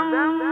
ben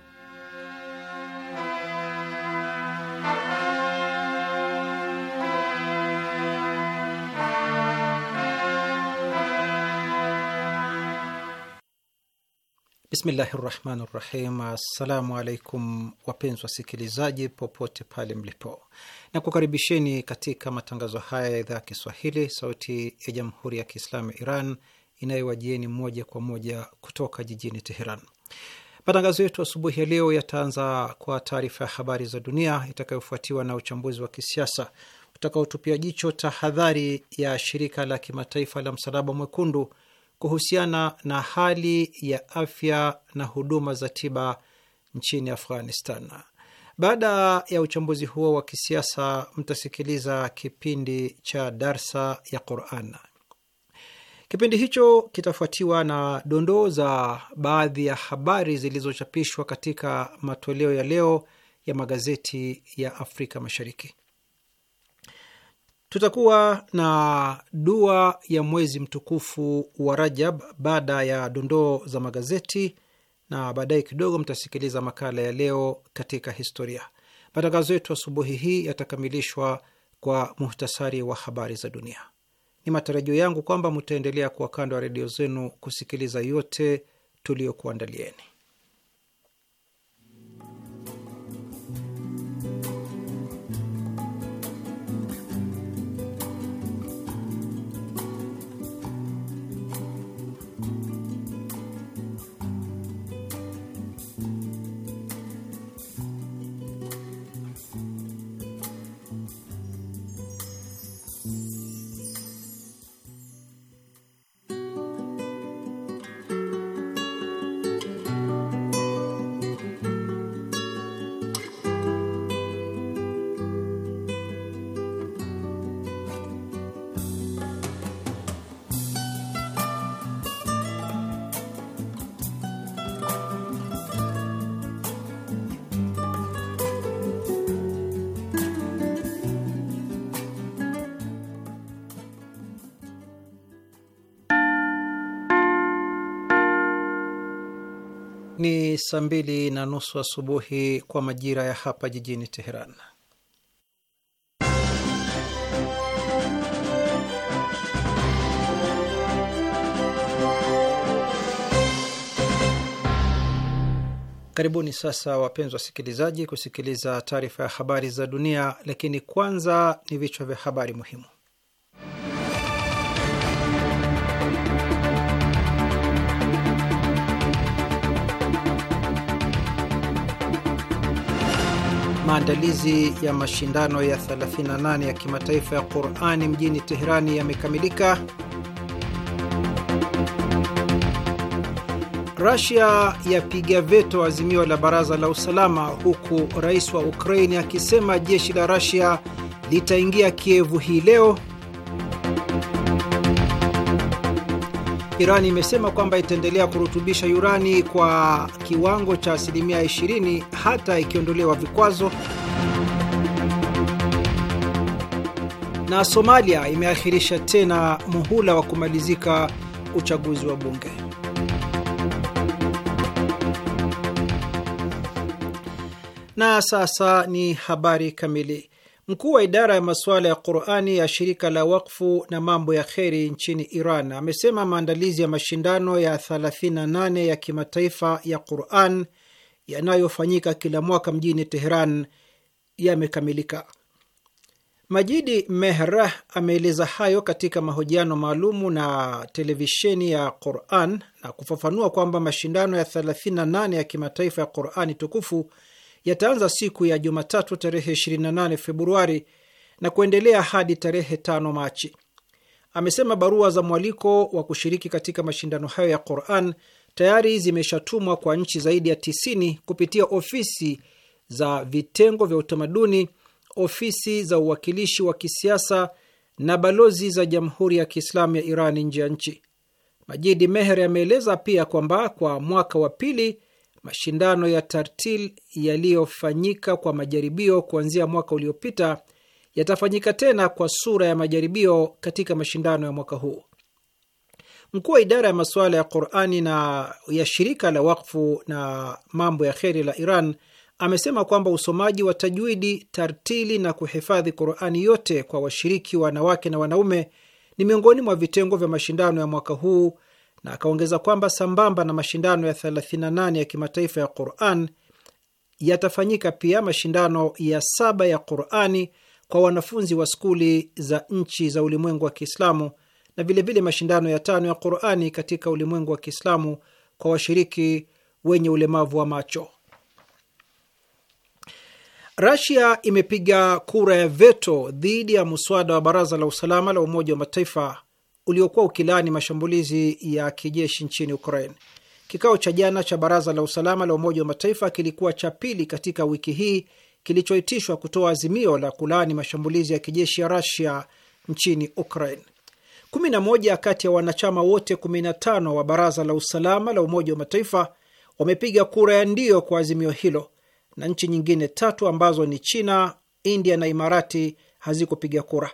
Bismillahi rahmani rahim. Assalamu alaikum wapenzi wasikilizaji popote pale mlipo, na kukaribisheni katika matangazo haya ya idhaa ya Kiswahili sauti ya jamhuri ya Kiislamu ya Iran inayowajieni moja kwa moja kutoka jijini Teheran. Matangazo yetu asubuhi ya leo yataanza kwa taarifa ya habari za dunia itakayofuatiwa na uchambuzi wa kisiasa utakaotupia jicho tahadhari ya shirika la kimataifa la Msalaba Mwekundu kuhusiana na hali ya afya na huduma za tiba nchini Afghanistan. Baada ya uchambuzi huo wa kisiasa, mtasikiliza kipindi cha darsa ya Quran. Kipindi hicho kitafuatiwa na dondoo za baadhi ya habari zilizochapishwa katika matoleo ya leo ya magazeti ya Afrika Mashariki. Tutakuwa na dua ya mwezi mtukufu wa Rajab baada ya dondoo za magazeti na baadaye kidogo mtasikiliza makala ya leo katika historia. Matangazo yetu asubuhi hii yatakamilishwa kwa muhtasari wa habari za dunia. Ni matarajio yangu kwamba mtaendelea kuwa kando ya redio zenu kusikiliza yote tuliyokuandalieni. saa mbili na nusu asubuhi kwa majira ya hapa jijini Teheran. Karibuni sasa, wapenzi wasikilizaji, kusikiliza taarifa ya habari za dunia, lakini kwanza ni vichwa vya habari muhimu. Maandalizi ya mashindano ya 38 ya kimataifa ya Qurani mjini Teherani yamekamilika. Rasia yapiga veto azimio la baraza la usalama, huku rais wa Ukraini akisema jeshi la Rasia litaingia Kievu hii leo. Iran imesema kwamba itaendelea kurutubisha urani kwa kiwango cha asilimia 20 hata ikiondolewa vikwazo. Na Somalia imeakhirisha tena muhula wa kumalizika uchaguzi wa bunge. Na sasa ni habari kamili. Mkuu wa idara ya masuala ya Qurani ya shirika la wakfu na mambo ya kheri nchini Iran amesema maandalizi ya mashindano ya 38 ya kimataifa ya Quran yanayofanyika kila mwaka mjini Teheran yamekamilika. Majidi mehr ameeleza hayo katika mahojiano maalumu na televisheni ya Quran na kufafanua kwamba mashindano ya 38 ya kimataifa ya Qurani tukufu yataanza siku ya Jumatatu tarehe 28 Februari na kuendelea hadi tarehe 5 Machi. Amesema barua za mwaliko wa kushiriki katika mashindano hayo ya Quran tayari zimeshatumwa kwa nchi zaidi ya 90 kupitia ofisi za vitengo vya utamaduni, ofisi za uwakilishi wa kisiasa na balozi za Jamhuri ya Kiislamu ya Iran nje ya nchi. Majidi Meher ameeleza pia kwamba kwa mwaka wa pili Mashindano ya tartil yaliyofanyika kwa majaribio kuanzia mwaka uliopita yatafanyika tena kwa sura ya majaribio katika mashindano ya mwaka huu. Mkuu wa idara ya masuala ya Qurani na ya shirika la wakfu na mambo ya kheri la Iran amesema kwamba usomaji wa tajwidi, tartili na kuhifadhi Qurani yote kwa washiriki wanawake na wanaume ni miongoni mwa vitengo vya mashindano ya mwaka huu na akaongeza kwamba sambamba na mashindano ya 38 ya kimataifa ya Quran yatafanyika pia mashindano ya saba ya Qurani kwa wanafunzi wa skuli za nchi za ulimwengu wa Kiislamu na vilevile mashindano ya tano ya Qurani katika ulimwengu wa Kiislamu kwa washiriki wenye ulemavu wa macho. Rasia imepiga kura ya veto dhidi ya muswada wa baraza la usalama la Umoja wa Mataifa uliokuwa ukilaani mashambulizi ya kijeshi nchini Ukraine. Kikao cha jana cha Baraza la Usalama la Umoja wa Mataifa kilikuwa cha pili katika wiki hii kilichoitishwa kutoa azimio la kulaani mashambulizi ya kijeshi ya rasia nchini Ukraine. Kumi na moja kati ya wanachama wote 15 wa Baraza la Usalama la Umoja wa Mataifa wamepiga kura ya ndio kwa azimio hilo na nchi nyingine tatu ambazo ni China, India na Imarati hazikupiga kura.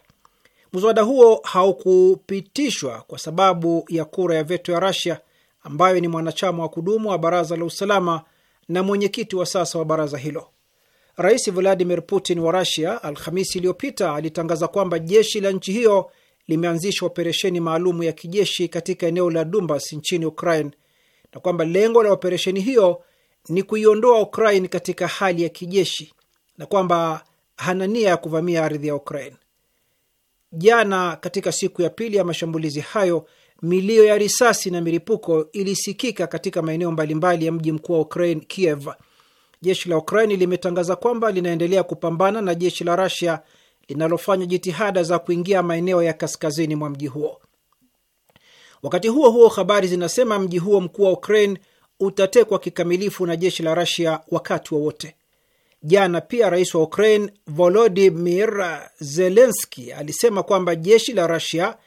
Mswada huo haukupitishwa kwa sababu ya kura ya veto ya Rasia, ambayo ni mwanachama wa kudumu wa baraza la usalama na mwenyekiti wa sasa wa baraza hilo. Rais Vladimir Putin wa Rasia Alhamisi iliyopita alitangaza kwamba jeshi la nchi hiyo limeanzisha operesheni maalumu ya kijeshi katika eneo la Donbas nchini Ukraine na kwamba lengo la operesheni hiyo ni kuiondoa Ukraine katika hali ya kijeshi na kwamba hana nia ya kuvamia ardhi ya Ukraine jana katika siku ya pili ya mashambulizi hayo, milio ya risasi na milipuko ilisikika katika maeneo mbalimbali ya mji mkuu wa Ukraine, Kiev. Jeshi la Ukraine limetangaza kwamba linaendelea kupambana na jeshi la Russia linalofanya jitihada za kuingia maeneo ya kaskazini mwa mji huo. Wakati huo huo, habari zinasema mji huo mkuu wa Ukraine utatekwa kikamilifu na jeshi la Russia wakati wowote wa Jana pia rais wa Ukraine Volodimir Zelenski alisema kwamba jeshi la Rusia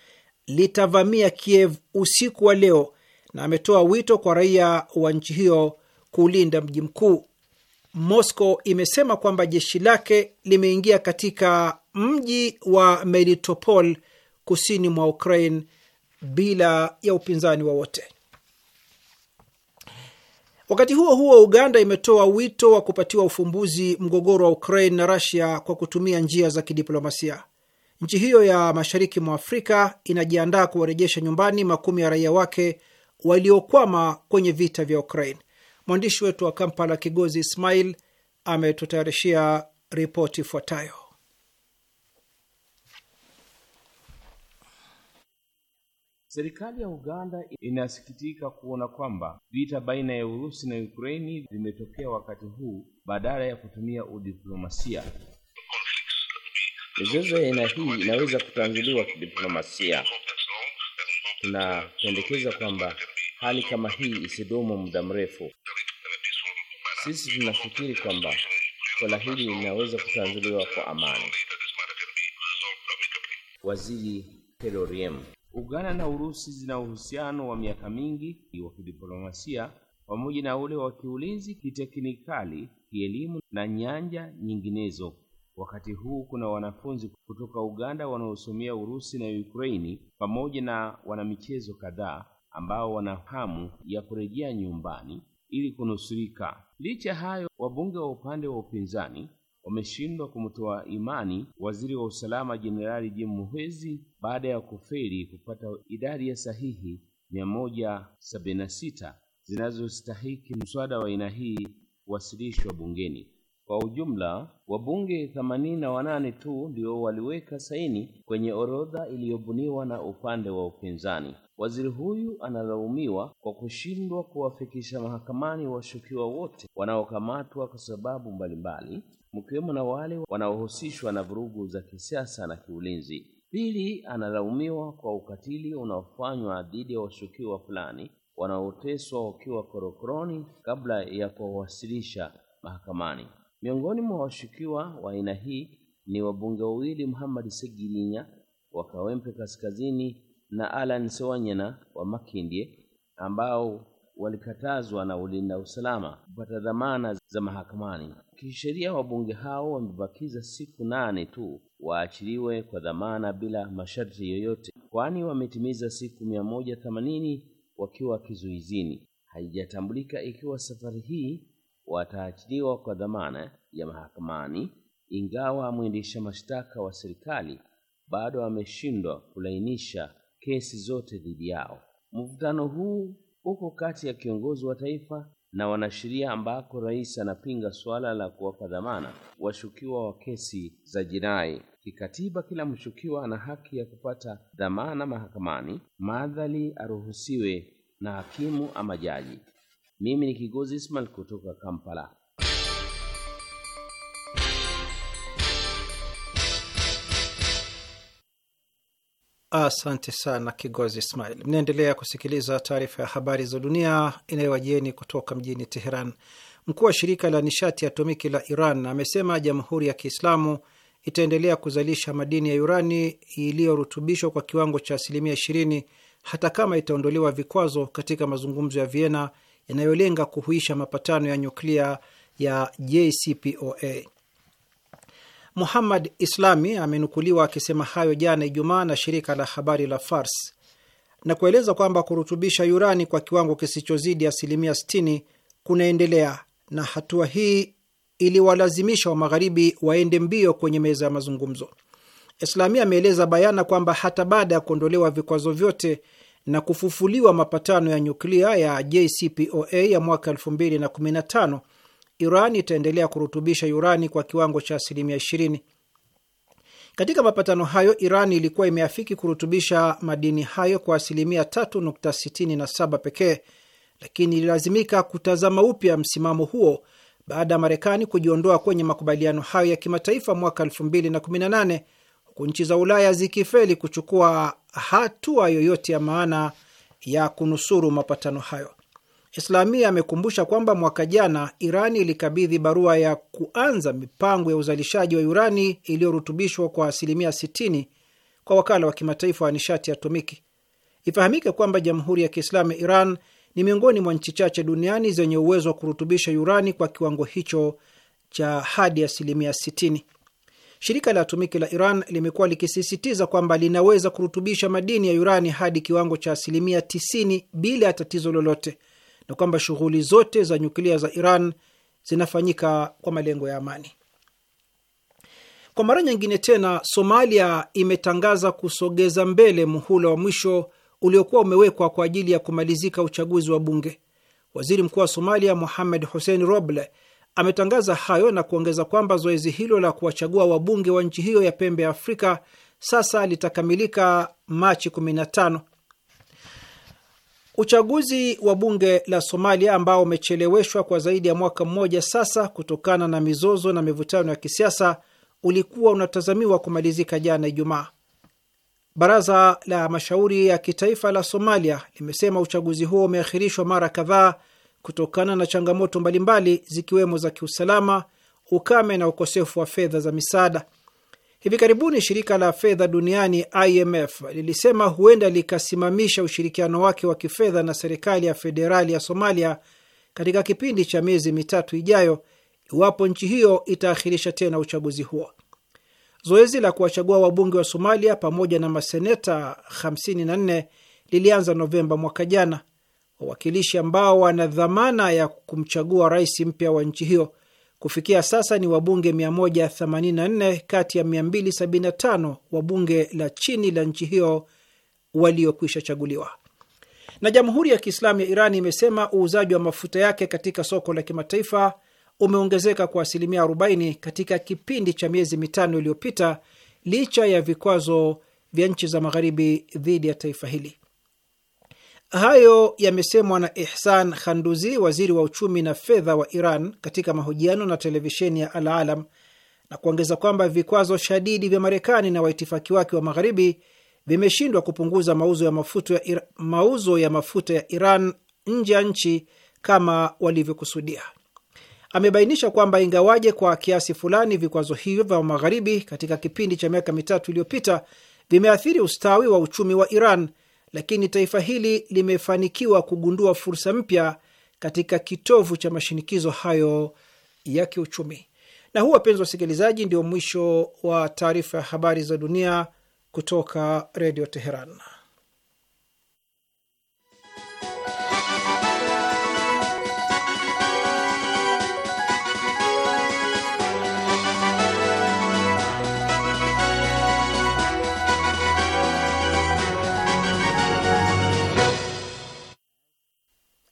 litavamia Kiev usiku wa leo na ametoa wito kwa raia wa nchi hiyo kuulinda mji mkuu. Moscow imesema kwamba jeshi lake limeingia katika mji wa Melitopol kusini mwa Ukraine bila ya upinzani wowote. Wakati huo huo, Uganda imetoa wito wa kupatiwa ufumbuzi mgogoro wa Ukraine na rasia kwa kutumia njia za kidiplomasia. Nchi hiyo ya mashariki mwa Afrika inajiandaa kuwarejesha nyumbani makumi ya raia wake waliokwama kwenye vita vya Ukraine. Mwandishi wetu wa Kampala, Kigozi Ismail, ametutayarishia ripoti ifuatayo. Serikali ya Uganda inasikitika kuona kwamba vita baina ya Urusi na Ukraini vimetokea wakati huu badala ya kutumia udiplomasia. Mizozo ya aina hii inaweza kutanzuliwa kidiplomasia. Tunapendekeza kwamba hali kama hii isidumu muda mrefu. Sisi tunafikiri kwamba swala hili linaweza kutanzuliwa kwa amani. Waziri Terorium Uganda na Urusi zina uhusiano wa miaka mingi wa kidiplomasia pamoja na ule wa kiulinzi, kiteknikali, kielimu na nyanja nyinginezo. Wakati huu kuna wanafunzi kutoka Uganda wanaosomea Urusi na Ukraini pamoja na wanamichezo kadhaa ambao wana hamu ya kurejea nyumbani ili kunusurika. Licha hayo, wabunge wa upande wa upinzani wameshindwa kumtoa imani waziri wa usalama Jenerali Jim Muhwezi baada ya kufeli kupata idadi ya sahihi mia sita zinazostahiki mswada wa aina hii kuwasilishwa bungeni. Kwa ujumla wabunge themanini wanane tu ndio waliweka saini kwenye orodha iliyobuniwa na upande wa upinzani. Waziri huyu analaumiwa kwa kushindwa kuwafikisha mahakamani washukiwa wote wanaokamatwa kwa sababu mbalimbali, mkiwemo na wale wanaohusishwa na vurugu za kisiasa na kiulinzi. Pili, analaumiwa kwa ukatili unaofanywa dhidi ya washukiwa fulani wanaoteswa wakiwa korokoroni kabla ya kuwawasilisha mahakamani. Miongoni mwa washukiwa wa aina hii ni wabunge wawili Muhammad Segirinya wa Kawempe Kaskazini na Alan Sewanyana wa Makindye ambao walikatazwa na ulinda usalama kupata dhamana za mahakamani. Kisheria wabunge hao wamebakiza siku nane tu waachiliwe kwa dhamana bila masharti yoyote, kwani wametimiza siku mia moja themanini wakiwa kizuizini. Haijatambulika ikiwa safari hii wataachiliwa kwa dhamana ya mahakamani, ingawa mwendesha mashtaka wa serikali bado ameshindwa kulainisha kesi zote dhidi yao. Mvutano huu uko kati ya kiongozi wa taifa na wanasheria ambako rais anapinga suala la kuwapa dhamana washukiwa wa kesi za jinai. Kikatiba, kila mshukiwa ana haki ya kupata dhamana mahakamani maadhali aruhusiwe na hakimu ama jaji. Mimi ni Kigozi Ismail kutoka Kampala. Asante sana Kigozi Ismail. Mnaendelea kusikiliza taarifa ya habari za dunia inayowajieni kutoka mjini Teheran. Mkuu wa shirika la nishati atomiki la Iran amesema Jamhuri ya Kiislamu itaendelea kuzalisha madini ya urani iliyorutubishwa kwa kiwango cha asilimia 20 hata kama itaondolewa vikwazo katika mazungumzo ya Vienna yanayolenga kuhuisha mapatano ya nyuklia ya JCPOA. Muhammad Islami amenukuliwa akisema hayo jana Ijumaa na shirika la habari la Fars na kueleza kwamba kurutubisha yurani kwa kiwango kisichozidi asilimia 60 kunaendelea na hatua hii iliwalazimisha wa magharibi waende mbio kwenye meza ya mazungumzo. islami ameeleza bayana kwamba hata baada ya kuondolewa vikwazo vyote na kufufuliwa mapatano ya nyuklia ya JCPOA ya mwaka 2015 Iran itaendelea kurutubisha urani kwa kiwango cha asilimia 20. Katika mapatano hayo, Iran ilikuwa imeafiki kurutubisha madini hayo kwa asilimia 3.67 pekee, lakini ililazimika kutazama upya msimamo huo baada ya Marekani kujiondoa kwenye makubaliano hayo ya kimataifa mwaka 2018 huku nchi za Ulaya zikifeli kuchukua hatua yoyote ya maana ya kunusuru mapatano hayo. Islamia amekumbusha kwamba mwaka jana Irani ilikabidhi barua ya kuanza mipango ya uzalishaji wa urani iliyorutubishwa kwa asilimia 60 kwa wakala wa kimataifa wa nishati ya atomiki. Ifahamike kwamba Jamhuri ya Kiislamu ya Iran ni miongoni mwa nchi chache duniani zenye uwezo wa kurutubisha urani kwa kiwango hicho cha hadi asilimia 60. Shirika la atomiki la Iran limekuwa likisisitiza kwamba linaweza kurutubisha madini ya urani hadi kiwango cha asilimia 90 bila ya tatizo lolote na kwamba shughuli zote za nyuklia za Iran zinafanyika kwa malengo ya amani. Kwa mara nyingine tena, Somalia imetangaza kusogeza mbele muhula wa mwisho uliokuwa umewekwa kwa ajili ya kumalizika uchaguzi wa bunge. Waziri mkuu wa Somalia Mohamed Hussein Roble ametangaza hayo na kuongeza kwamba zoezi hilo la kuwachagua wabunge wa nchi hiyo ya pembe ya Afrika sasa litakamilika Machi 15 Uchaguzi wa bunge la Somalia ambao umecheleweshwa kwa zaidi ya mwaka mmoja sasa kutokana na mizozo na mivutano ya kisiasa ulikuwa unatazamiwa kumalizika jana Ijumaa. Baraza la mashauri ya kitaifa la Somalia limesema uchaguzi huo umeahirishwa mara kadhaa kutokana na changamoto mbalimbali zikiwemo za kiusalama, ukame na ukosefu wa fedha za misaada. Hivi karibuni shirika la fedha duniani IMF lilisema huenda likasimamisha ushirikiano wake wa kifedha na serikali ya federali ya Somalia katika kipindi cha miezi mitatu ijayo iwapo nchi hiyo itaahirisha tena uchaguzi huo. Zoezi la kuwachagua wabunge wa Somalia pamoja na maseneta 54 lilianza Novemba mwaka jana. Wawakilishi ambao wana dhamana ya kumchagua rais mpya wa nchi hiyo Kufikia sasa ni wabunge 184 kati ya 275 wa bunge la chini la nchi hiyo waliokwisha chaguliwa. Na Jamhuri ya Kiislamu ya Iran imesema uuzaji wa mafuta yake katika soko la kimataifa umeongezeka kwa asilimia 40 katika kipindi cha miezi mitano iliyopita licha ya vikwazo vya nchi za magharibi dhidi ya taifa hili. Hayo yamesemwa na Ihsan Khanduzi, waziri wa uchumi na fedha wa Iran, katika mahojiano na televisheni ya Al Alam na kuongeza kwamba vikwazo shadidi vya Marekani na waitifaki wake wa Magharibi vimeshindwa kupunguza mauzo ya mafuta ya, mauzo ya mafuta ya Iran nje ya nchi kama walivyokusudia. Amebainisha kwamba ingawaje kwa kiasi fulani vikwazo hivyo vya Magharibi katika kipindi cha miaka mitatu iliyopita vimeathiri ustawi wa uchumi wa Iran, lakini taifa hili limefanikiwa kugundua fursa mpya katika kitovu cha mashinikizo hayo ya kiuchumi. Na huu, wapenzi wasikilizaji, ndio mwisho wa taarifa ya habari za dunia kutoka Redio Teheran.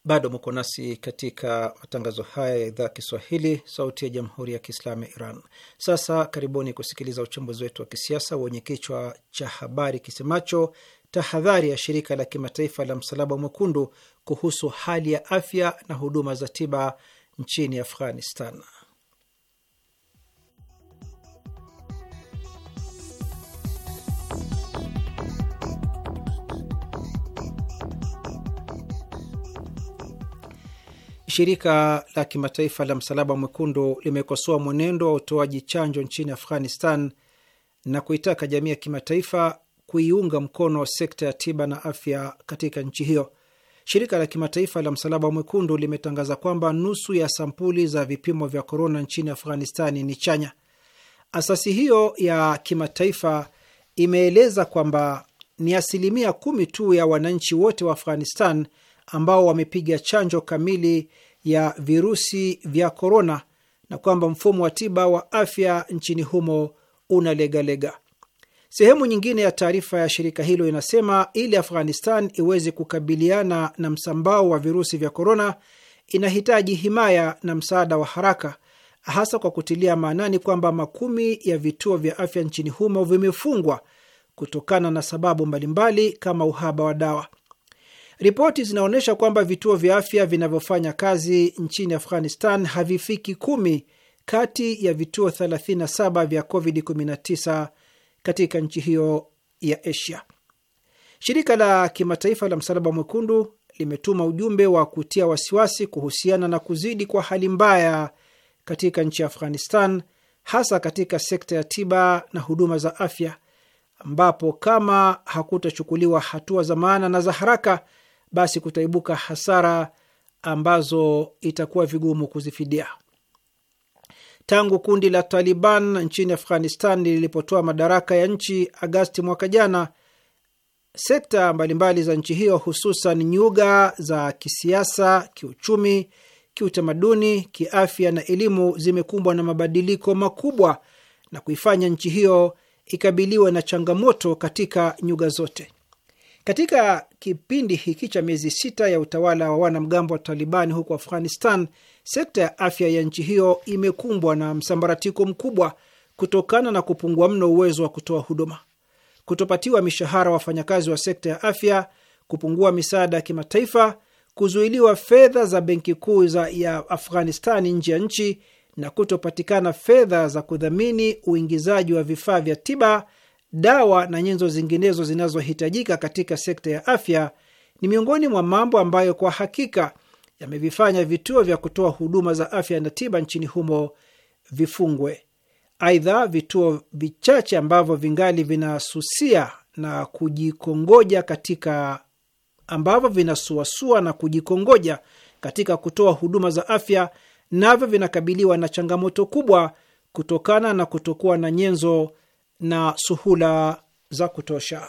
Bado muko nasi katika matangazo haya ya idhaa Kiswahili, sauti ya jamhuri ya kiislamu ya Iran. Sasa karibuni kusikiliza uchambuzi wetu wa kisiasa wenye kichwa cha habari kisemacho tahadhari ya shirika la kimataifa la msalaba mwekundu kuhusu hali ya afya na huduma za tiba nchini Afghanistan. Shirika la kimataifa la Msalaba Mwekundu limekosoa mwenendo wa utoaji chanjo nchini Afghanistan na kuitaka jamii ya kimataifa kuiunga mkono sekta ya tiba na afya katika nchi hiyo. Shirika la kimataifa la Msalaba Mwekundu limetangaza kwamba nusu ya sampuli za vipimo vya korona nchini Afghanistani ni chanya. Asasi hiyo ya kimataifa imeeleza kwamba ni asilimia kumi tu ya wananchi wote wa Afghanistan ambao wamepiga chanjo kamili ya virusi vya korona na kwamba mfumo wa tiba wa afya nchini humo unalegalega. Sehemu nyingine ya taarifa ya shirika hilo inasema ili Afghanistan iweze kukabiliana na msambao wa virusi vya korona inahitaji himaya na msaada wa haraka, hasa kwa kutilia maanani kwamba makumi ya vituo vya afya nchini humo vimefungwa kutokana na sababu mbalimbali kama uhaba wa dawa. Ripoti zinaonyesha kwamba vituo vya afya vinavyofanya kazi nchini Afghanistan havifiki kumi kati ya vituo 37 vya COVID-19 katika nchi hiyo ya Asia. Shirika la kimataifa la Msalaba Mwekundu limetuma ujumbe wa kutia wasiwasi kuhusiana na kuzidi kwa hali mbaya katika nchi ya Afghanistan, hasa katika sekta ya tiba na huduma za afya, ambapo kama hakutachukuliwa hatua za maana na za haraka, basi kutaibuka hasara ambazo itakuwa vigumu kuzifidia. Tangu kundi la Taliban nchini Afghanistan lilipotoa madaraka ya nchi Agasti mwaka jana, sekta mbalimbali za nchi hiyo, hususan nyuga za kisiasa, kiuchumi, kiutamaduni, kiafya na elimu, zimekumbwa na mabadiliko makubwa na kuifanya nchi hiyo ikabiliwe na changamoto katika nyuga zote. Katika kipindi hiki cha miezi sita ya utawala wa wanamgambo wa Talibani huko Afghanistan, sekta ya afya ya nchi hiyo imekumbwa na msambaratiko mkubwa kutokana na kupungua mno uwezo wa kutoa huduma, kutopatiwa mishahara wafanyakazi wa sekta ya afya, kupungua misaada ya kimataifa, kuzuiliwa fedha za benki kuu ya Afghanistani nje ya nchi na kutopatikana fedha za kudhamini uingizaji wa vifaa vya tiba dawa na nyenzo zinginezo zinazohitajika katika sekta ya afya ni miongoni mwa mambo ambayo kwa hakika yamevifanya vituo vya kutoa huduma za afya na tiba nchini humo vifungwe. Aidha, vituo vichache ambavyo vingali vinasusia na kujikongoja katika ambavyo vinasuasua na kujikongoja katika kutoa huduma za afya navyo vinakabiliwa na changamoto kubwa kutokana na kutokuwa na nyenzo na suhula za kutosha.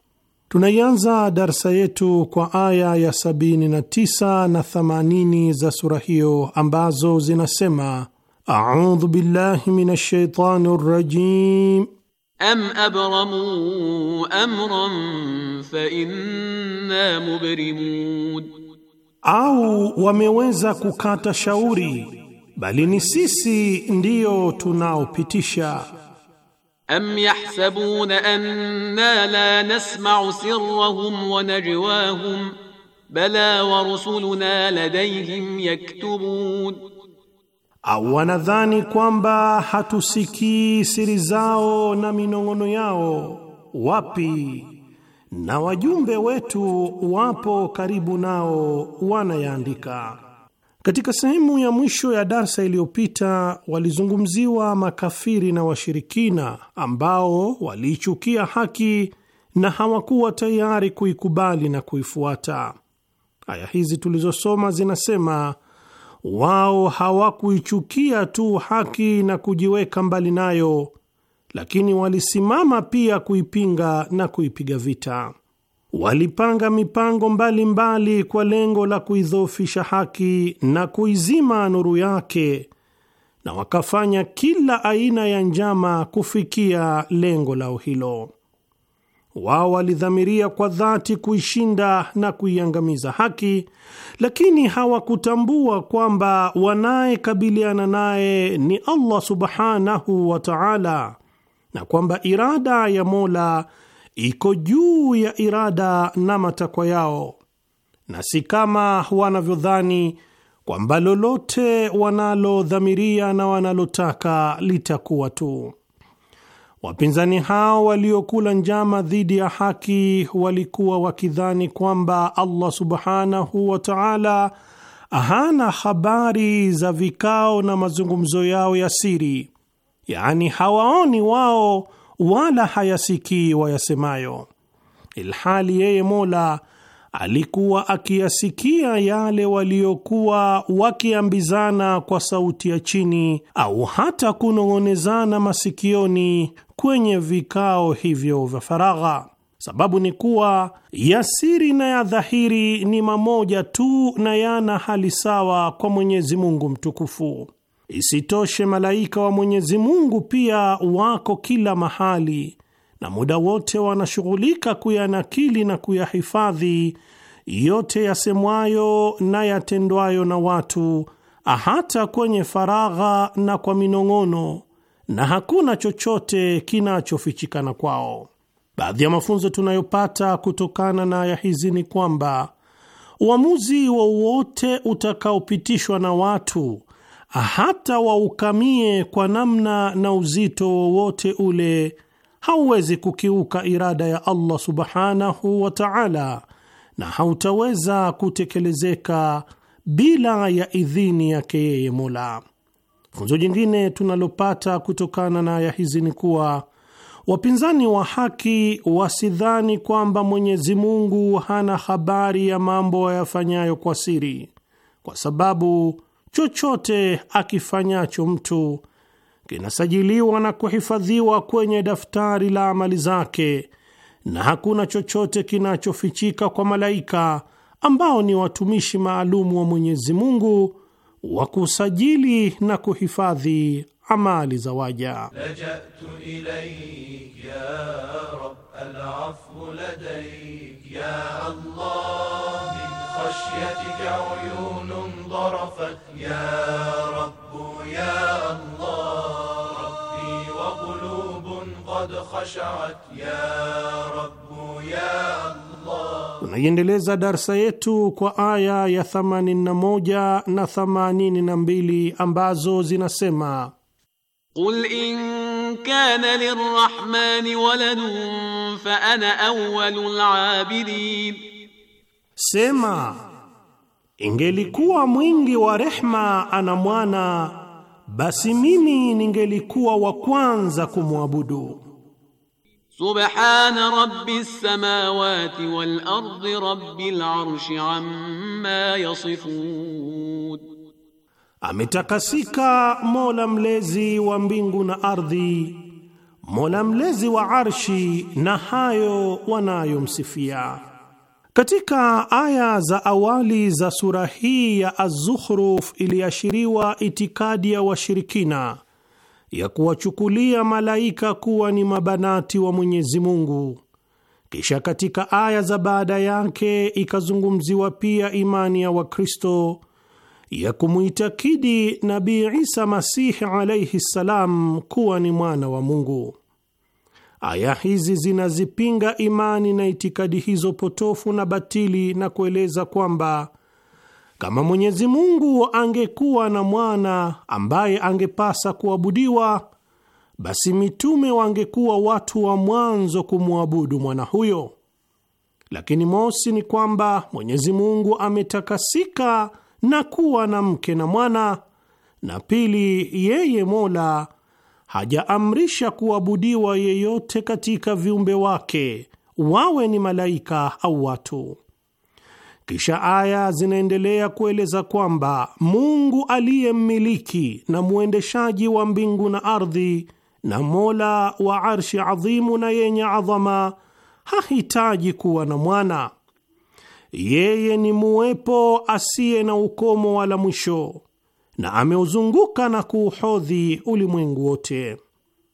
Tunaianza darsa yetu kwa aya ya 79 na 80 za sura hiyo ambazo zinasema: audhu billahi minash shaitani rajim am abramu amran fa inna mubrimun, au wameweza kukata shauri, bali ni sisi ndiyo tunaopitisha am yahsabuna anna la nasma'u sirrahum wa najwahum bala wa rusuluna ladayhim yaktubun, au wanadhani kwamba hatusikii siri zao na minong'ono yao? Wapi, na wajumbe wetu wapo karibu nao wanayaandika. Katika sehemu ya mwisho ya darsa iliyopita walizungumziwa makafiri na washirikina ambao waliichukia haki na hawakuwa tayari kuikubali na kuifuata. Aya hizi tulizosoma zinasema wao hawakuichukia tu haki na kujiweka mbali nayo, lakini walisimama pia kuipinga na kuipiga vita walipanga mipango mbalimbali mbali kwa lengo la kuidhoofisha haki na kuizima nuru yake, na wakafanya kila aina ya njama kufikia lengo lao hilo. Wao walidhamiria kwa dhati kuishinda na kuiangamiza haki, lakini hawakutambua kwamba wanayekabiliana naye ni Allah subhanahu wa ta'ala, na kwamba irada ya Mola iko juu ya irada na matakwa yao, na si kama wanavyodhani kwamba lolote wanalodhamiria na wanalotaka litakuwa tu. Wapinzani hao waliokula njama dhidi ya haki walikuwa wakidhani kwamba Allah subhanahu wa ta'ala hana habari za vikao na mazungumzo yao ya siri, yaani hawaoni wao wala hayasikii wayasemayo, ilhali yeye Mola alikuwa akiyasikia yale waliokuwa wakiambizana kwa sauti ya chini au hata kunong'onezana masikioni kwenye vikao hivyo vya faragha. Sababu ni kuwa ya siri na ya dhahiri ni mamoja tu na yana hali sawa kwa Mwenyezi Mungu mtukufu. Isitoshe, malaika wa Mwenyezi Mungu pia wako kila mahali na muda wote wanashughulika kuyanakili na kuyahifadhi yote yasemwayo na yatendwayo na watu, hata kwenye faragha na kwa minong'ono, na hakuna chochote kinachofichikana kwao. Baadhi ya mafunzo tunayopata kutokana na aya hizi ni kwamba uamuzi wowote utakaopitishwa na watu hata waukamie kwa namna na uzito wowote ule, hauwezi kukiuka irada ya Allah subhanahu wa ta'ala, na hautaweza kutekelezeka bila ya idhini yake yeye Mola. Funzo jingine tunalopata kutokana na aya hizi ni kuwa wapinzani wa haki wasidhani kwamba Mwenyezi Mungu hana habari ya mambo ayafanyayo kwa siri, kwa sababu chochote akifanyacho mtu kinasajiliwa na kuhifadhiwa kwenye daftari la amali zake, na hakuna chochote kinachofichika kwa malaika ambao ni watumishi maalumu wa Mwenyezi Mungu wa kusajili na kuhifadhi أعمال زواجا لجأت إليك يا رب العفو لديك يا الله من خشيتك عيون ضرفت يا رب يا الله ربي وقلوب قد خشعت يا رب يا الله Tunaiendeleza darsa yetu kwa aya ya 81 na 82 ambazo zinasema قل إن كان للرحمن ولد فأنا أول العابدين Sema, ingelikuwa mwingi wa rehma ana mwana, basi mimi ningelikuwa wa kwanza kumwabudu. Subhana rabbis samawati wal ardi rabbil arshi amma yasifun Ametakasika Mola mlezi wa mbingu na ardhi, Mola mlezi wa arshi na hayo wanayomsifia. Katika aya za awali za sura hii ya Az-Zukhruf iliashiriwa itikadi ya washirikina ya kuwachukulia malaika kuwa ni mabanati wa Mwenyezi Mungu. Kisha katika aya za baada yake ikazungumziwa pia imani ya Wakristo ya kumwitakidi Nabii Isa Masihi alaihi ssalam kuwa ni mwana wa Mungu. Aya hizi zinazipinga imani na itikadi hizo potofu na batili na kueleza kwamba kama Mwenyezi Mungu angekuwa na mwana ambaye angepasa kuabudiwa, basi mitume wangekuwa watu wa mwanzo kumwabudu mwana huyo. Lakini mosi ni kwamba Mwenyezi Mungu ametakasika na kuwa na mke na mwana, na pili, yeye Mola hajaamrisha kuabudiwa yeyote katika viumbe wake, wawe ni malaika au watu. Kisha aya zinaendelea kueleza kwamba Mungu aliye mmiliki na mwendeshaji wa mbingu na ardhi na Mola wa arshi adhimu na yenye adhama hahitaji kuwa na mwana yeye ni muwepo asiye na ukomo wala mwisho, na ameuzunguka na kuuhodhi ulimwengu wote.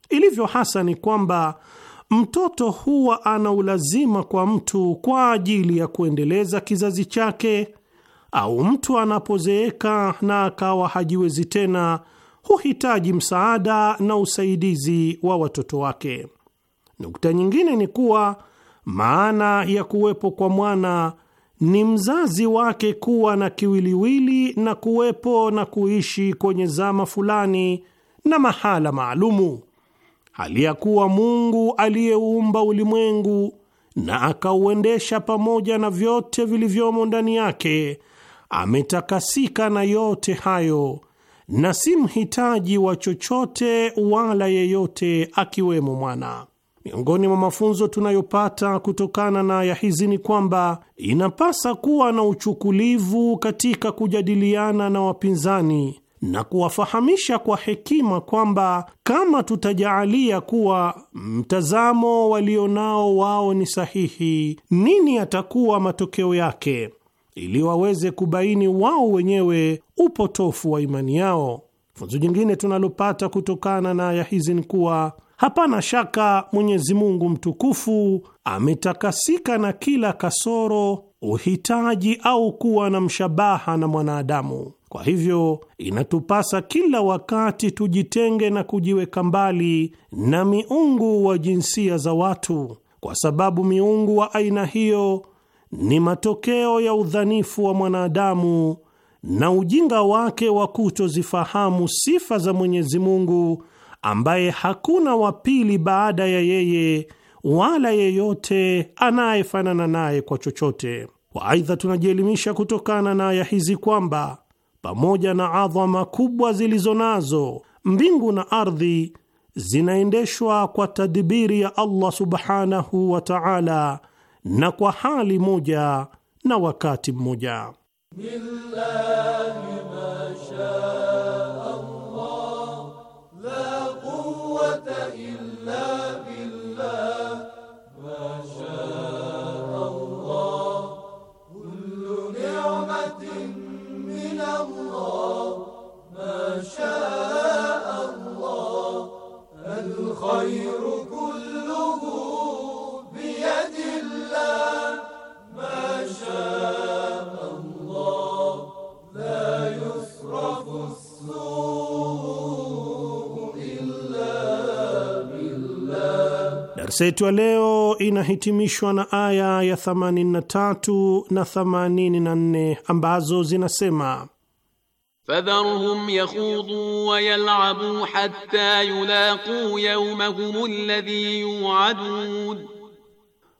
Ilivyo hasa ni kwamba mtoto huwa ana ulazima kwa mtu kwa ajili ya kuendeleza kizazi chake, au mtu anapozeeka na akawa hajiwezi tena, huhitaji msaada na usaidizi wa watoto wake. Nukta nyingine ni kuwa maana ya kuwepo kwa mwana ni mzazi wake kuwa na kiwiliwili na kuwepo na kuishi kwenye zama fulani na mahala maalumu, hali ya kuwa Mungu aliyeuumba ulimwengu na akauendesha pamoja na vyote vilivyomo ndani yake ametakasika na yote hayo na si mhitaji wa chochote wala yeyote akiwemo mwana. Miongoni mwa mafunzo tunayopata kutokana na aya hizi ni kwamba inapasa kuwa na uchukulivu katika kujadiliana na wapinzani na kuwafahamisha kwa hekima kwamba kama tutajaalia kuwa mtazamo walionao wao ni sahihi, nini atakuwa matokeo yake, ili waweze kubaini wao wenyewe upotofu wa imani yao. Funzo jingine tunalopata kutokana na aya hizi ni kuwa Hapana shaka Mwenyezi Mungu mtukufu ametakasika na kila kasoro, uhitaji au kuwa na mshabaha na mwanadamu. Kwa hivyo inatupasa kila wakati tujitenge na kujiweka mbali na miungu wa jinsia za watu, kwa sababu miungu wa aina hiyo ni matokeo ya udhanifu wa mwanadamu na ujinga wake wa kutozifahamu sifa za Mwenyezi Mungu ambaye hakuna wa pili baada ya yeye wala yeyote anayefanana naye kwa chochote. Waaidha, tunajielimisha kutokana na aya hizi kwamba pamoja na adhama kubwa zilizo nazo mbingu na ardhi, zinaendeshwa kwa tadbiri ya Allah subhanahu wa ta'ala, na kwa hali moja na wakati mmoja. Darsa yetu ya leo inahitimishwa na aya ya 83 na 84 ambazo zinasema Fadharhum yakhudhu wa yalabu hatta yulaqu yawmahum alladhi yu'adun,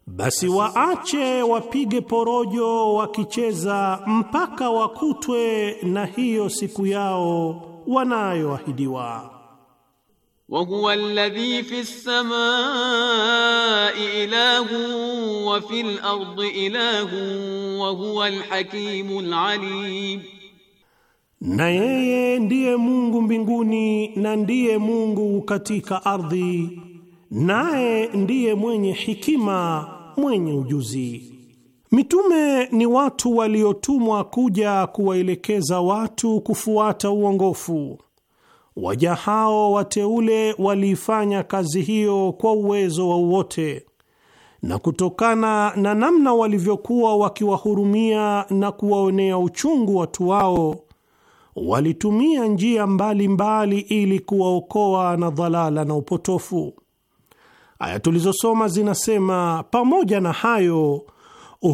basi waache wapige porojo wakicheza mpaka wakutwe na hiyo siku yao wanayoahidiwa wa huwa alladhi fi samai ilahu wa fil ardi ilahu wa huwa alim, na yeye ndiye Mungu mbinguni na ndiye Mungu katika ardhi, naye ndiye mwenye hikima mwenye ujuzi. Mitume ni watu waliotumwa kuja kuwaelekeza watu kufuata uongofu Waja hao wateule waliifanya kazi hiyo kwa uwezo wao wote, na kutokana na namna walivyokuwa wakiwahurumia na kuwaonea uchungu watu wao, walitumia njia mbalimbali mbali ili kuwaokoa na dhalala na upotofu. Aya tulizosoma zinasema, pamoja na hayo,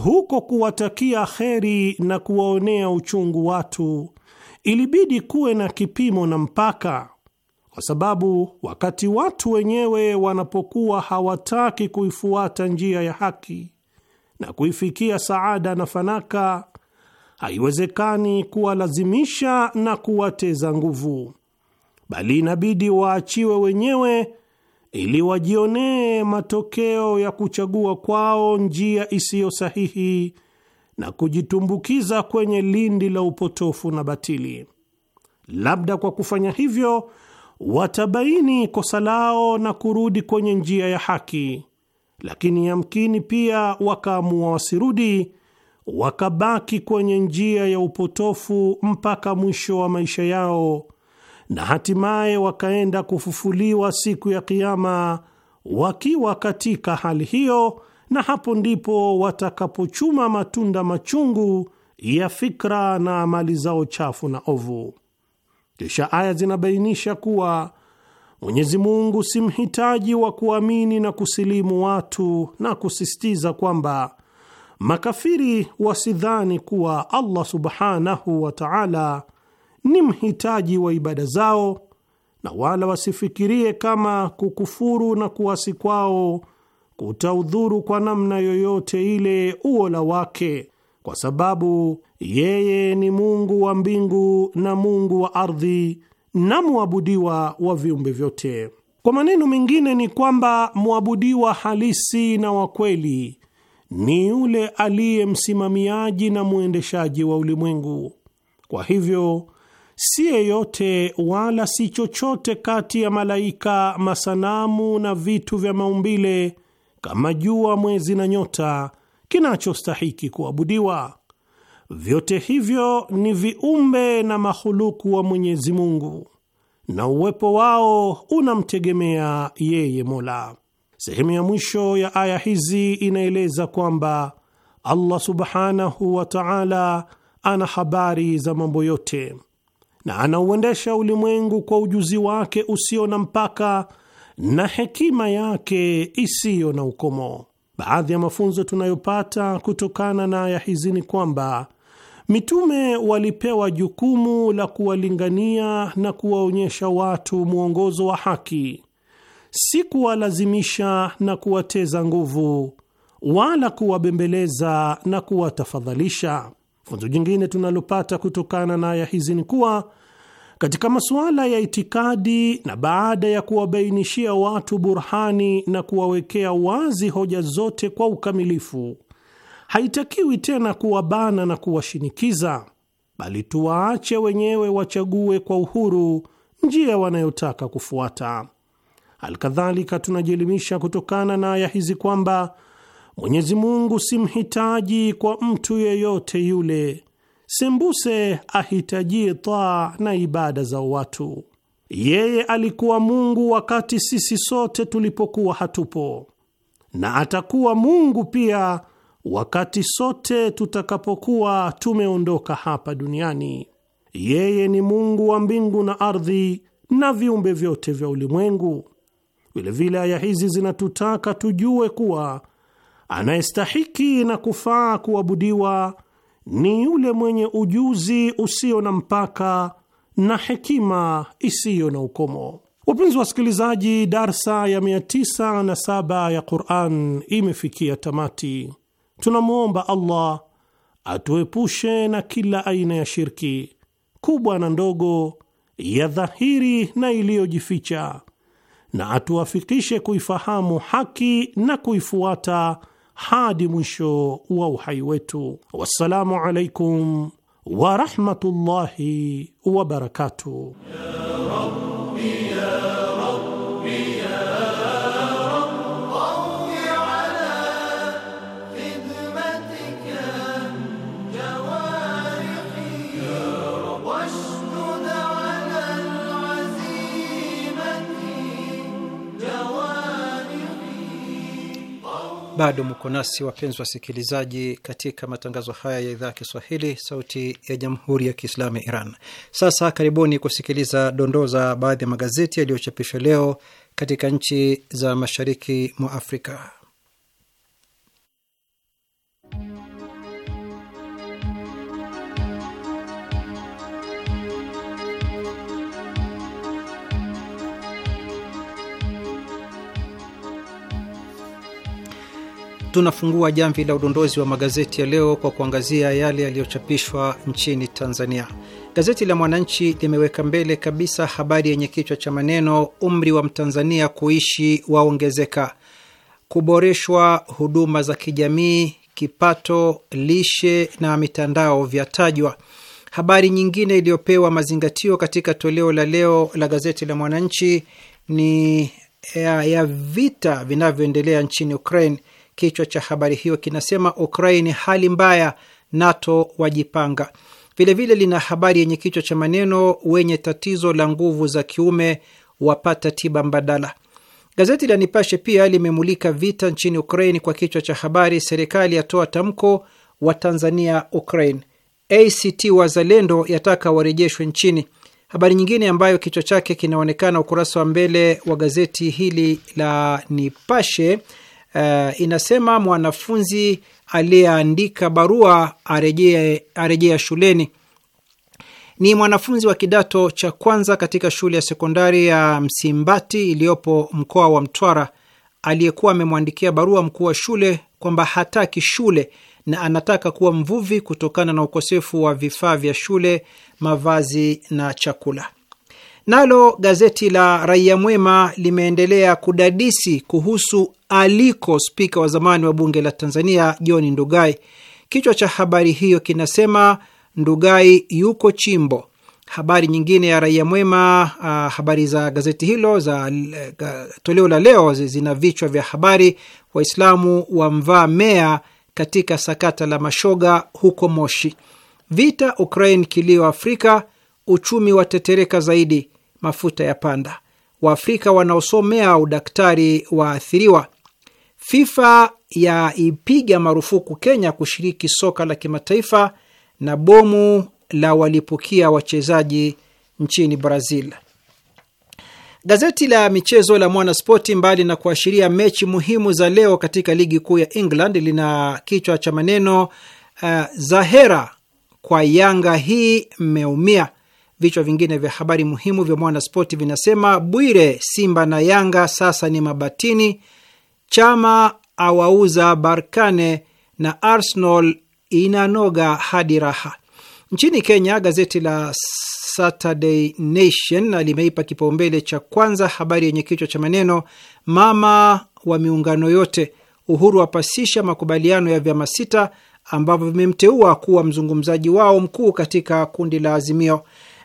huko kuwatakia kheri na kuwaonea uchungu watu ilibidi kuwe na kipimo na mpaka, kwa sababu wakati watu wenyewe wanapokuwa hawataki kuifuata njia ya haki na kuifikia saada na fanaka, haiwezekani kuwalazimisha na kuwateza nguvu, bali inabidi waachiwe wenyewe ili wajionee matokeo ya kuchagua kwao njia isiyo sahihi na kujitumbukiza kwenye lindi la upotofu na batili. Labda kwa kufanya hivyo watabaini kosa lao na kurudi kwenye njia ya haki, lakini yamkini pia wakaamua wasirudi, wakabaki kwenye njia ya upotofu mpaka mwisho wa maisha yao, na hatimaye wakaenda kufufuliwa siku ya Kiama wakiwa katika hali hiyo na hapo ndipo watakapochuma matunda machungu ya fikra na amali zao chafu na ovu. Kisha aya zinabainisha kuwa Mwenyezi Mungu si mhitaji wa kuamini na kusilimu watu, na kusisitiza kwamba makafiri wasidhani kuwa Allah subhanahu wa ta'ala ni mhitaji wa ibada zao, na wala wasifikirie kama kukufuru na kuasi kwao kutaudhuru kwa namna yoyote ile uola wake, kwa sababu yeye ni Mungu wa mbingu na Mungu wa ardhi na mwabudiwa wa viumbe vyote. Kwa maneno mengine, ni kwamba mwabudiwa halisi na wa kweli ni yule aliye msimamiaji na mwendeshaji wa ulimwengu. Kwa hivyo si yeyote wala si chochote kati ya malaika, masanamu na vitu vya maumbile kama jua, mwezi na nyota, kinachostahiki kuabudiwa. Vyote hivyo ni viumbe na mahuluku wa Mwenyezi Mungu, na uwepo wao unamtegemea yeye Mola. Sehemu ya mwisho ya aya hizi inaeleza kwamba Allah subhanahu wa ta'ala ana habari za mambo yote na anauendesha ulimwengu kwa ujuzi wake usio na mpaka na hekima yake isiyo na ukomo. Baadhi ya mafunzo tunayopata kutokana na aya hizi ni kwamba mitume walipewa jukumu la kuwalingania na kuwaonyesha watu mwongozo wa haki, si kuwalazimisha na kuwateza nguvu wala kuwabembeleza na kuwatafadhalisha. Funzo jingine tunalopata kutokana na aya hizi ni kuwa katika masuala ya itikadi, na baada ya kuwabainishia watu burhani na kuwawekea wazi hoja zote kwa ukamilifu, haitakiwi tena kuwabana na kuwashinikiza, bali tuwaache wenyewe wachague kwa uhuru njia wanayotaka kufuata. Alkadhalika, tunajielimisha kutokana na aya hizi kwamba Mwenyezi Mungu si mhitaji kwa mtu yeyote yule sembuse ahitajie taa na ibada za watu. Yeye alikuwa Mungu wakati sisi sote tulipokuwa hatupo, na atakuwa Mungu pia wakati sote tutakapokuwa tumeondoka hapa duniani. Yeye ni Mungu wa mbingu na ardhi na viumbe vyote vya ulimwengu. Vilevile aya hizi zinatutaka tujue kuwa anayestahiki na kufaa kuabudiwa ni yule mwenye ujuzi usio na mpaka na hekima isiyo na ukomo. Wapenzi wasikilizaji, darsa ya 97 ya Quran imefikia tamati. Tunamwomba Allah atuepushe na kila aina ya shirki kubwa na ndogo, ya dhahiri na iliyojificha, na atuafikishe kuifahamu haki na kuifuata hadi mwisho wa uhai wetu. Wassalamu alaikum warahmatullahi wabarakatuh. Bado mko nasi wapenzi wasikilizaji, katika matangazo haya ya idhaa ya Kiswahili, sauti ya jamhuri ya kiislamu ya Iran. Sasa karibuni kusikiliza dondoo za baadhi ya magazeti ya magazeti yaliyochapishwa leo katika nchi za mashariki mwa Afrika. Tunafungua jamvi la udondozi wa magazeti ya leo kwa kuangazia yale yaliyochapishwa nchini Tanzania. Gazeti la Mwananchi limeweka mbele kabisa habari yenye kichwa cha maneno umri wa mtanzania kuishi waongezeka, kuboreshwa huduma za kijamii, kipato, lishe na mitandao vyatajwa. Habari nyingine iliyopewa mazingatio katika toleo la leo la gazeti la Mwananchi ni ya, ya vita vinavyoendelea nchini Ukraine Kichwa cha habari hiyo kinasema Ukraini hali mbaya, NATO wajipanga. Vilevile lina habari yenye kichwa cha maneno wenye tatizo la nguvu za kiume wapata tiba mbadala. Gazeti la Nipashe pia limemulika vita nchini ukrain kwa kichwa cha habari, serikali yatoa tamko wa Tanzania Ukraine, ACT Wazalendo yataka warejeshwe nchini. Habari nyingine ambayo kichwa chake kinaonekana ukurasa wa mbele wa gazeti hili la Nipashe uh, inasema mwanafunzi aliyeandika barua arejea shuleni. Ni mwanafunzi wa kidato cha kwanza katika shule ya sekondari ya Msimbati iliyopo mkoa wa Mtwara aliyekuwa amemwandikia barua mkuu wa shule kwamba hataki shule na anataka kuwa mvuvi kutokana na ukosefu wa vifaa vya shule, mavazi na chakula. Nalo gazeti la Raia Mwema limeendelea kudadisi kuhusu aliko spika wa zamani wa bunge la Tanzania John Ndugai. Kichwa cha habari hiyo kinasema Ndugai yuko chimbo. Habari nyingine ya Raia Mwema, uh, habari za gazeti hilo za uh, toleo la leo zina vichwa vya habari: Waislamu wamvaa meya katika sakata la mashoga huko Moshi, vita Ukraine kilio Afrika, uchumi watetereka zaidi, mafuta ya panda, Waafrika wanaosomea udaktari waathiriwa, FIFA yaipiga marufuku Kenya kushiriki soka la kimataifa, na bomu la walipukia wachezaji nchini Brazil. Gazeti la michezo la Mwanaspoti, mbali na kuashiria mechi muhimu za leo katika ligi kuu ya England, lina kichwa cha maneno uh, Zahera kwa Yanga hii mmeumia. Vichwa vingine vya habari muhimu vya Mwanaspoti vinasema Bwire, Simba na Yanga sasa ni mabatini, Chama awauza Barkane na Arsenal inanoga hadi raha. Nchini Kenya, gazeti la Saturday Nation limeipa kipaumbele cha kwanza habari yenye kichwa cha maneno mama wa miungano yote, Uhuru apasisha makubaliano ya vyama sita ambavyo vimemteua kuwa mzungumzaji wao mkuu katika kundi la Azimio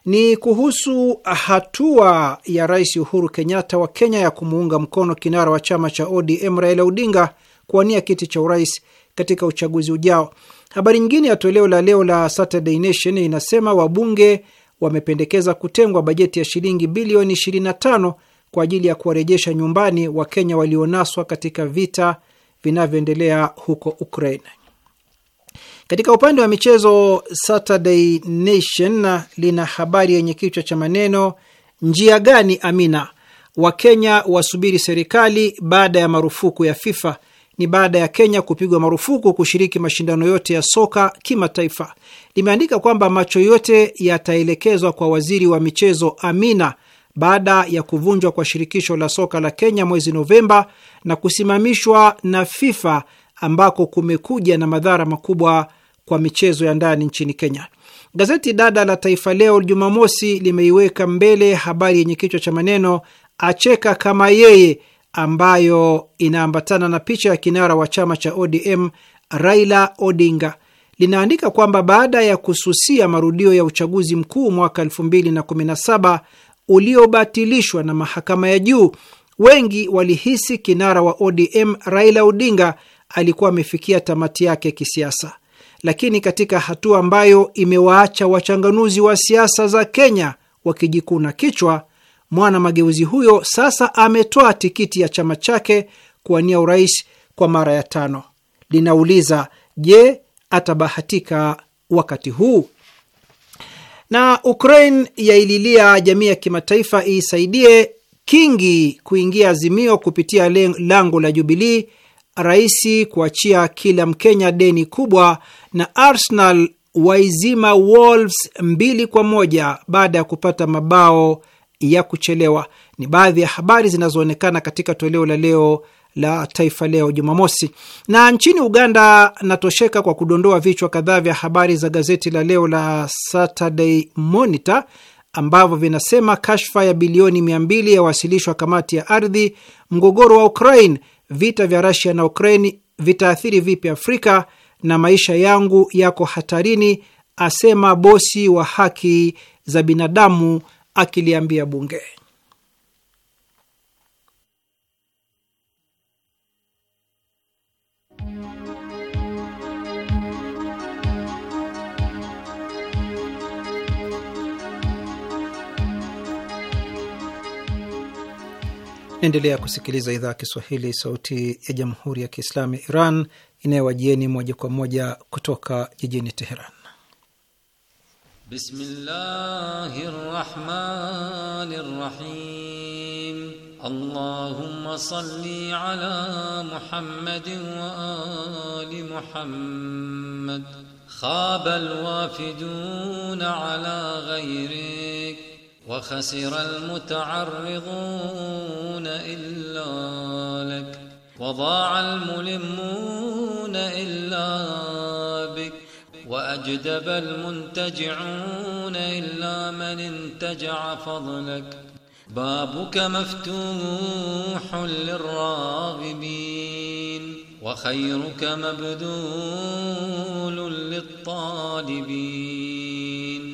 ni kuhusu hatua ya Rais Uhuru Kenyatta wa Kenya ya kumuunga mkono kinara wa chama cha ODM Raila Odinga kuwania kiti cha urais katika uchaguzi ujao. Habari nyingine ya toleo la leo la Saturday Nation inasema wabunge wamependekeza kutengwa bajeti ya shilingi bilioni 25 kwa ajili ya kuwarejesha nyumbani Wakenya walionaswa katika vita vinavyoendelea huko Ukraine. Katika upande wa michezo, Saturday Nation lina habari yenye kichwa cha maneno njia gani Amina, Wakenya wasubiri serikali baada ya marufuku ya FIFA. Ni baada ya Kenya kupigwa marufuku kushiriki mashindano yote ya soka kimataifa. Limeandika kwamba macho yote yataelekezwa kwa waziri wa michezo Amina baada ya kuvunjwa kwa shirikisho la soka la Kenya mwezi Novemba na kusimamishwa na FIFA ambako kumekuja na madhara makubwa kwa michezo ya ndani nchini Kenya. Gazeti dada la Taifa Leo Jumamosi limeiweka mbele habari yenye kichwa cha maneno acheka kama yeye, ambayo inaambatana na picha ya kinara wa chama cha ODM Raila Odinga. Linaandika kwamba baada ya kususia marudio ya uchaguzi mkuu mwaka 2017 uliobatilishwa na mahakama ya juu, wengi walihisi kinara wa ODM Raila Odinga alikuwa amefikia tamati yake kisiasa lakini katika hatua ambayo imewaacha wachanganuzi wa siasa za Kenya wakijikuna kichwa, mwana mageuzi huyo sasa ametoa tikiti ya chama chake kuwania urais kwa mara ya tano. Linauliza, je, atabahatika wakati huu? Na Ukraine yaililia jamii ya kimataifa iisaidie kingi kuingia Azimio kupitia lango la Jubilii, rais kuachia kila Mkenya deni kubwa na Arsenal waizima Wolves mbili kwa moja baada ya kupata mabao ya kuchelewa. Ni baadhi ya habari zinazoonekana katika toleo la leo la Taifa Leo Jumamosi. Na nchini Uganda, natosheka kwa kudondoa vichwa kadhaa vya habari za gazeti la leo la Saturday Monitor ambavyo vinasema kashfa ya bilioni 200 yawasilishwa kamati ya ardhi, mgogoro wa Ukraine, vita vya Russia na Ukraine vitaathiri vipi Afrika, na maisha yangu yako hatarini, asema bosi wa haki za binadamu akiliambia bunge. Naendelea kusikiliza idhaa ya Kiswahili, sauti ya jamhuri ya kiislamu ya Iran inayowajieni moja kwa moja kutoka jijini Teheran. Bismillahi rahmani rahim. Allahumma salli ala Muhammadin wa ali Muhammad khaba alwafidun ala ghayrik وخسر المتعرضون إلا لك وضاع الملمون إلا بك وأجدب المنتجعون إلا من انتجع فضلك بابك مفتوح للراغبين وخيرك مبذول للطالبين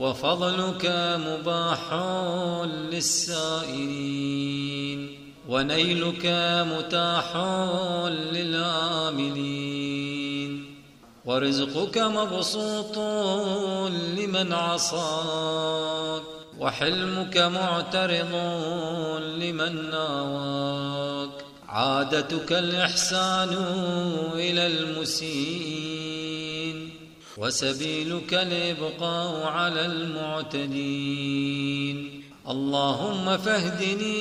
وفضلك مباح للسائلين ونيلك متاح للآملين ورزقك مبسوط لمن عصاك وحلمك معترض لمن ناواك عادتك الإحسان إلى المسيئين وسبيلك الإبقاء على المعتدين اللهم فاهدني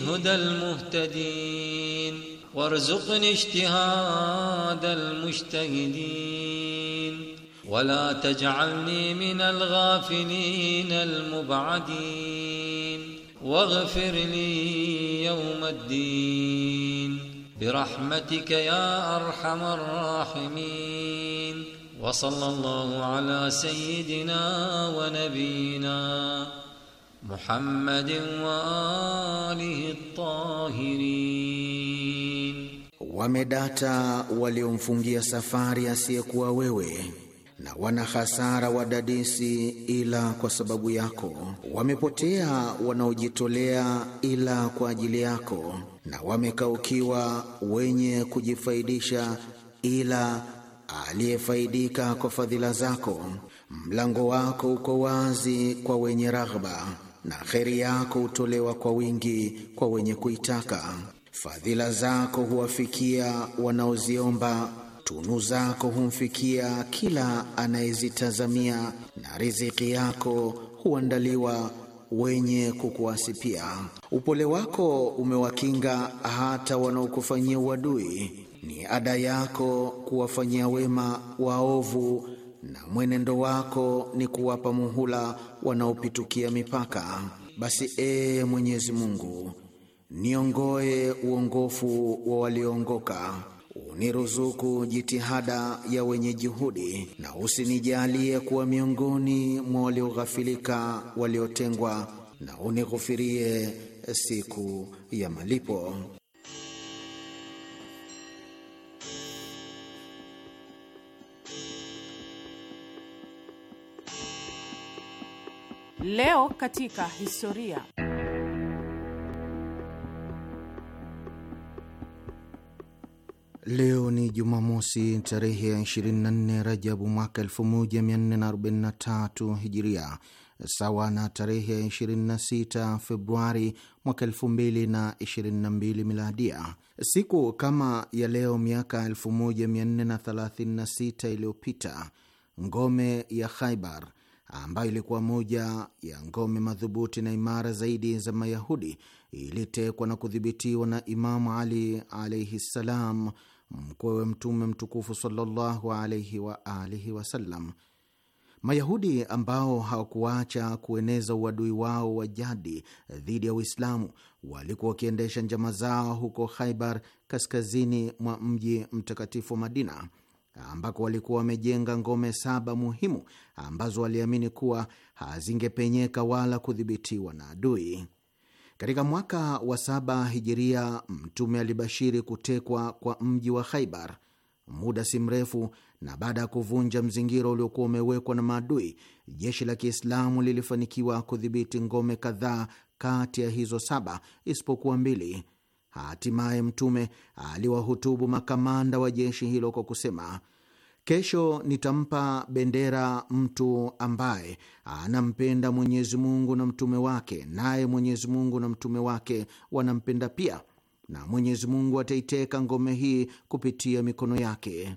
هدى المهتدين وارزقني اجتهاد المجتهدين ولا تجعلني من الغافلين المبعدين واغفر لي يوم الدين برحمتك يا أرحم الراحمين وصلى الله على سيدنا ونبينا محمد وآله الطاهرين wamedata waliomfungia safari asiyekuwa wewe na wana hasara wadadisi ila kwa sababu yako, wamepotea wanaojitolea ila kwa ajili yako, na wamekaukiwa wenye kujifaidisha ila aliyefaidika kwa fadhila zako. Mlango wako uko wazi kwa wenye raghba, na kheri yako hutolewa kwa wingi kwa wenye kuitaka. Fadhila zako huwafikia wanaoziomba, tunu zako humfikia kila anayezitazamia, na riziki yako huandaliwa wenye kukuasi. Pia upole wako umewakinga hata wanaokufanyia uadui ni ada yako kuwafanyia wema waovu, na mwenendo wako ni kuwapa muhula wanaopitukia mipaka. Basi ee Mwenyezi Mungu, niongoe uongofu wa walioongoka, uniruzuku jitihada ya wenye juhudi, na usinijalie kuwa miongoni mwa walioghafilika waliotengwa, na unighufirie siku ya malipo. Leo katika historia. Leo ni Jumamosi, tarehe ya 24 Rajabu mwaka 1443 Hijiria, sawa na tarehe ya 26 Februari mwaka 2022 Miladia. Siku kama ya leo miaka 1436 iliyopita, ngome ya Khaibar ambayo ilikuwa moja ya ngome madhubuti na imara zaidi za Mayahudi, ilitekwa na kudhibitiwa na Imamu Ali alaihi ssalam, mkwewe Mtume mtukufu sallallahu alaihi wa alihi wasallam. Mayahudi ambao hawakuacha kueneza uadui wao wa jadi dhidi ya Uislamu walikuwa wakiendesha njama zao huko Khaibar, kaskazini mwa mji mtakatifu wa Madina ambako walikuwa wamejenga ngome saba muhimu ambazo waliamini kuwa hazingepenyeka wala kudhibitiwa na adui. Katika mwaka wa saba hijiria, Mtume alibashiri kutekwa kwa mji wa Khaibar. Muda si mrefu na baada ya kuvunja mzingiro uliokuwa umewekwa na maadui, jeshi la Kiislamu lilifanikiwa kudhibiti ngome kadhaa kati ya hizo saba isipokuwa mbili Hatimaye Mtume aliwahutubu makamanda wa jeshi hilo kwa kusema, kesho nitampa bendera mtu ambaye anampenda Mwenyezi Mungu na mtume wake, naye Mwenyezi Mungu na mtume wake wanampenda pia, na Mwenyezi Mungu ataiteka ngome hii kupitia mikono yake.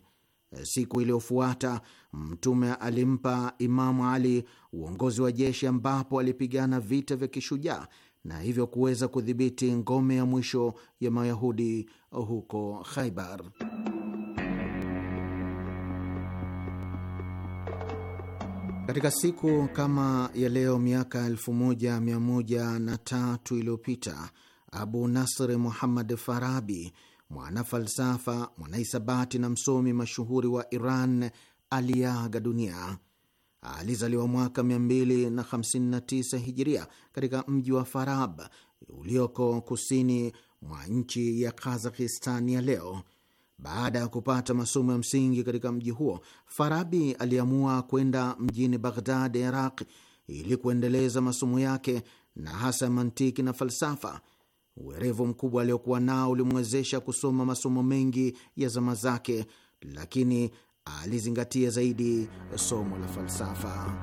Siku iliyofuata Mtume alimpa Imamu Ali uongozi wa jeshi ambapo alipigana vita vya kishujaa na hivyo kuweza kudhibiti ngome ya mwisho ya Mayahudi huko Khaibar. Katika siku kama ya leo miaka 1103 iliyopita Abu Nasr Muhammad Farabi, mwana falsafa, mwanahisabati na msomi mashuhuri wa Iran aliaga dunia. Alizaliwa mwaka 259 hijiria katika mji wa Farab ulioko kusini mwa nchi ya kazakhistan ya leo. Baada ya kupata masomo ya msingi katika mji huo, Farabi aliamua kwenda mjini Baghdad, Iraq, ili kuendeleza masomo yake na hasa ya mantiki na falsafa. Uwerevu mkubwa aliokuwa nao ulimwezesha kusoma masomo mengi ya zama zake, lakini alizingatia zaidi somo la falsafa.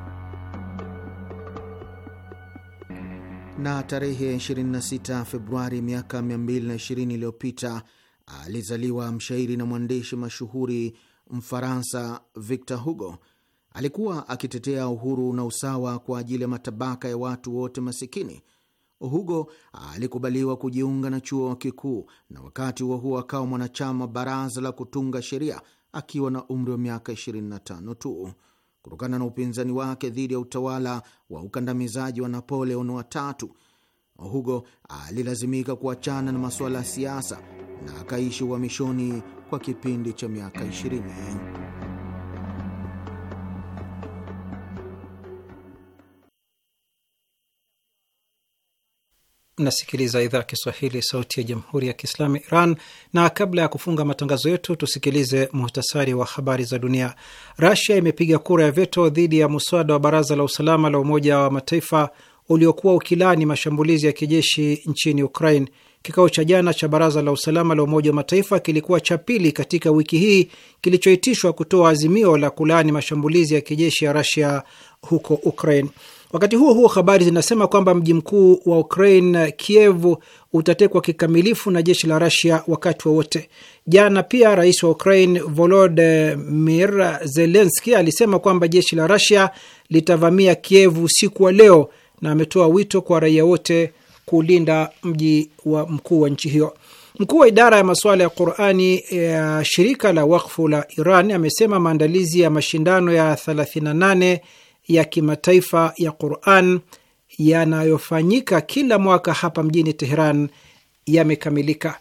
Na tarehe 26 Februari miaka 220 iliyopita alizaliwa mshairi na mwandishi mashuhuri Mfaransa Victor Hugo. Alikuwa akitetea uhuru na usawa kwa ajili ya matabaka ya watu wote masikini. Hugo alikubaliwa kujiunga na chuo kikuu na wakati huo huo akawa mwanachama baraza la kutunga sheria akiwa na umri wa miaka 25 tu. Kutokana na upinzani wake dhidi ya utawala wa ukandamizaji wa Napoleon wa tatu, Hugo alilazimika kuachana na masuala ya siasa na akaishi uhamishoni kwa kipindi cha miaka 20. Nasikiliza idhaa ya Kiswahili, sauti ya jamhuri ya kiislamu Iran. Na kabla ya kufunga matangazo yetu, tusikilize muhtasari wa habari za dunia. Rasia imepiga kura ya veto dhidi ya muswada wa baraza la usalama la Umoja wa Mataifa uliokuwa ukilani mashambulizi ya kijeshi nchini Ukraine. Kikao cha jana cha baraza la usalama la Umoja wa Mataifa kilikuwa cha pili katika wiki hii kilichoitishwa kutoa azimio la kulaani mashambulizi ya kijeshi ya Rasia huko Ukraine. Wakati huo huo, habari zinasema kwamba mji mkuu wa Ukraine Kiev utatekwa kikamilifu na jeshi la rasia wakati wowote wa jana. Pia rais wa Ukraine volodmir zelenski alisema kwamba jeshi la rasia litavamia Kiev usiku wa leo, na ametoa wito kwa raia wote kulinda mji wa mkuu wa nchi hiyo. Mkuu wa idara ya masuala ya Qurani ya eh, shirika la wakfu la Iran amesema maandalizi ya mashindano ya 38 ya kimataifa ya Quran yanayofanyika kila mwaka hapa mjini Teheran yamekamilika.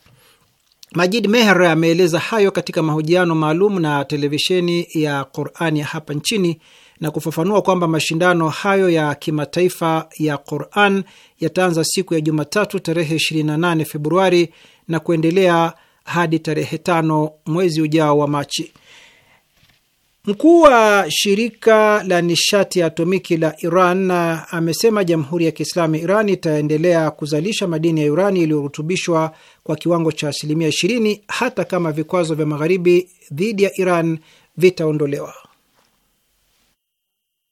Majid Meher ameeleza hayo katika mahojiano maalum na televisheni ya Qurani ya hapa nchini na kufafanua kwamba mashindano hayo ya kimataifa ya Quran yataanza siku ya Jumatatu tarehe 28 Februari na kuendelea hadi tarehe tano mwezi ujao wa Machi. Mkuu wa shirika la nishati ya atomiki la Iran amesema jamhuri ya Kiislamu Iran itaendelea kuzalisha madini ya urani iliyorutubishwa kwa kiwango cha asilimia 20 hata kama vikwazo vya magharibi dhidi ya Iran vitaondolewa